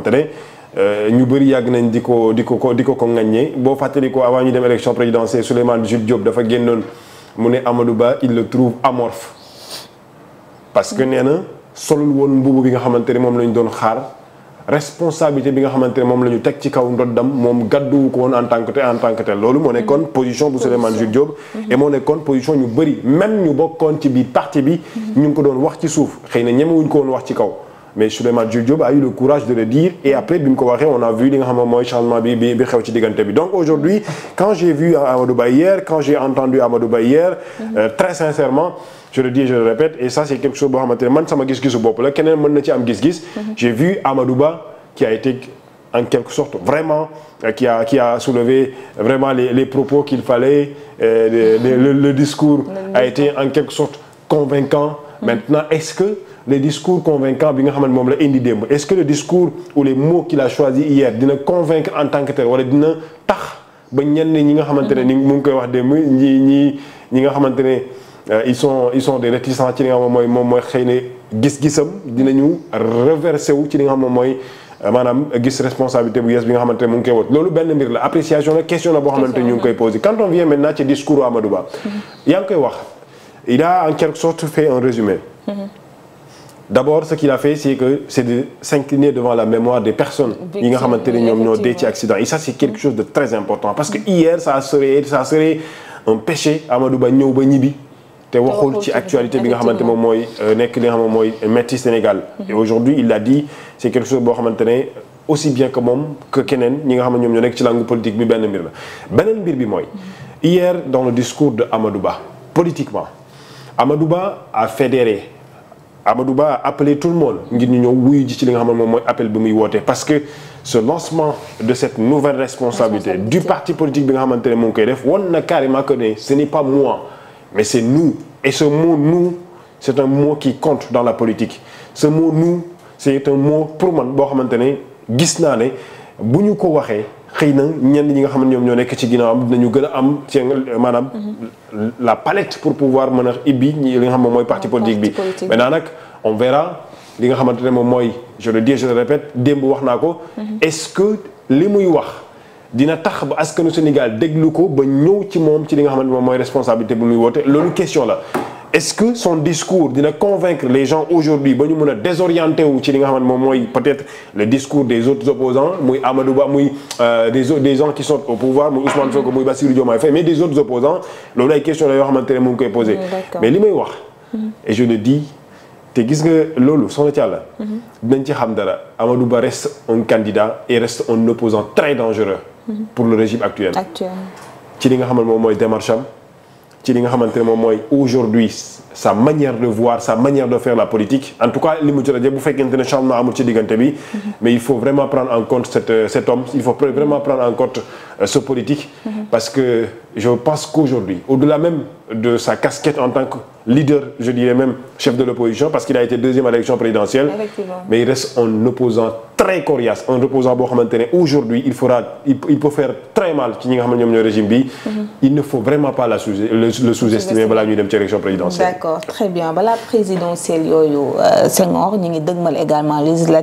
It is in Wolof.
te ne euh, ñu bëri yàgg nañ di ko di ko ko di ko ko ŋaññee boo fàttali ko avant ñu dem élection présidentielle Souleymane Jules Diop dafa génnoon mu ne Amadou Ba il le trouve amorphe parce que nee na solul woon mbubu bi nga xamante ne moom lañ doon xaar responsabilité bi nga xamante ne moom la ñu teg ci kaw ndoddam moom gàdduwu ko woon en tant que en tant que loolu moo nekkoon mm-hmm. position bu Souleymane Jules Diop mm-hmm. et moo nekkoon position ñu bëri même ñu bokkoon ci biir parti bi mm-hmm. ñu ngi ko doon wax ci suuf xëy na ñemewuñ ko wax ci kaw mais Souleymane Jules Diop a eu le courage de le dire et après bi mu ko waxee on a vu li nga xam moom mooy changement bi bi xew ci diggante bi donc aujourd'hui quand j'ai vu Amadou Ba hier quand j'ai entendu Amadou Ba hier euh, très sincèrement je le dis je le répète et ça c'est quelque chose boo xamante ne man sama gis-gisu bopp la keneen mën na ci am gis-gis mhm. j'ai vu Amadou Ba qui a été en quelque sorte vraiment euh, qui a qui a soulevé vraiment les, les propos qu'il fallait le, euh, le, le, le discours a été en quelque sorte convaincant Maintenant, est-ce que les discours convaincants bi nga xamante moom la indi démb est-ce que le discours ou les mots qu'il choisi hier dina convaincre en tant que tel wala dina tax ba ñenn ñi nga xamante ne ni mu ngi koy wax démb ñi ñi ñi nga xamante ne euh, ils sont ils sont mooy moom mooy xëy na gis-gisam dinañu reversé wu ci li nga xam mooy euh, maanaam gis responsabilité bu yees bi nga xamante ne mu ngi koy wot loolu benn mbir la appréciation la question la boo xamante ñu ngi koy posé quand on vient maintenant ci discours Amadou Ba mm-hmm. yaa ngi koy wax il a en quelque sorte fait un résumé. Mmh. D'abord ce qu'il a fait c'est que c'est de s'incliner devant la mémoire des personnes yi nga xamante ne ñoom ñoo dee ci accident et ça c'est quelque mm-hmm. chose de très important parce que hier ça serait ça péché Amadou Ba ñëw ba ñibbi te waxul ci actualité bi nga xamante moom mooy euh, nekk li nga xam mooy métti Sénégal mm-hmm. et aujourd'hui il l'a dit c'est quelque chose boo xamante ne aussi bien que moom que keneen ñi nga xam ne ñoom ñoo nekk ci langue politique bi benn mbir la beneen mbir bi mooy mm-hmm. hier dans le discours de Amadou Ba politiquement Amadou Ba a fédéré Amadou Ba a appelé tout le monde ngir ñu ñëw wuyu ji ci li nga xam ne moom mooy appel bi muy woote parce que ce lancement de cette nouvelle responsabilité du parti politique bi nga xamante ne mu ngi koy def won na carrément que ne ce n'est pas moi mais c'est nous et ce mot nous c'est un mot qui compte dans la politique ce mot nous c'est un mot pour man boo xamante ne gis naa ne bu ñu ko waxee xëy na ñenn ñi nga xam ne ñoom ñoo nekk ci ginnaawam dinañu gën a am seen maanaam la palette pour pouvoir mën a ibi li nga xam moom mooy parti politique bi maintenant nag on verra li nga xamante ne moom mooy je le dis je le répète démb wax naa ko mhm. est-ce que li muy wax dina tax ba askanu Sénégal déglu ko ba ñëw ci moom ci li nga xamante moom mooy responsabilité bu muy woote loolu question la est-ce que son discours dina convaincre les gens aujourd'hui ba ñu mën a désorienté wu ci li nga xamante moom mooy peut-être le discours des autres opposants muy Amadou Ba muy euh, des des gens qui sont au pouvoir muy Ousmane Sonko muy Bassirou Diomaye Faye mais des autres opposants loolu ay question la yoo xamante ne mu ngi koy posé mm, mais li may wax mm-hmm. et je le dis te gis nga loolu soxna Thiala mm-hmm. dinañ ci xam dara Amadou Ba reste un candidat et reste un opposant très dangereux mm-hmm. pour le régime actuel ci li nga xamante moom mooy démarche am ci li nga xamante ne moom mooy aujourd'hui sa manière de voir sa manière de faire la politique en tout cas li mu ci rajo bu fekkente ne changement ci diggante bi mhm. mais il faut vraiment prendre en compte cet euh, cet homme il faut vraiment prendre en compte Euh, ce politique. Parce que je pense qu'aujourd'hui, au-delà même de sa casquette en tant que leader, je dirais même chef de l'opposition, parce qu'il a été deuxième à présidentielle, mais il reste un opposant très coriace, un opposant boo xamante aujourd'hui il peut faire très mal ci ñi nga régime bi. Mhm. il ne faut vraiment pas le sous-estimer présidentielle. D'accord, très bien balaa présidentielle yooyu euh, Senghor ñu ngi également législative.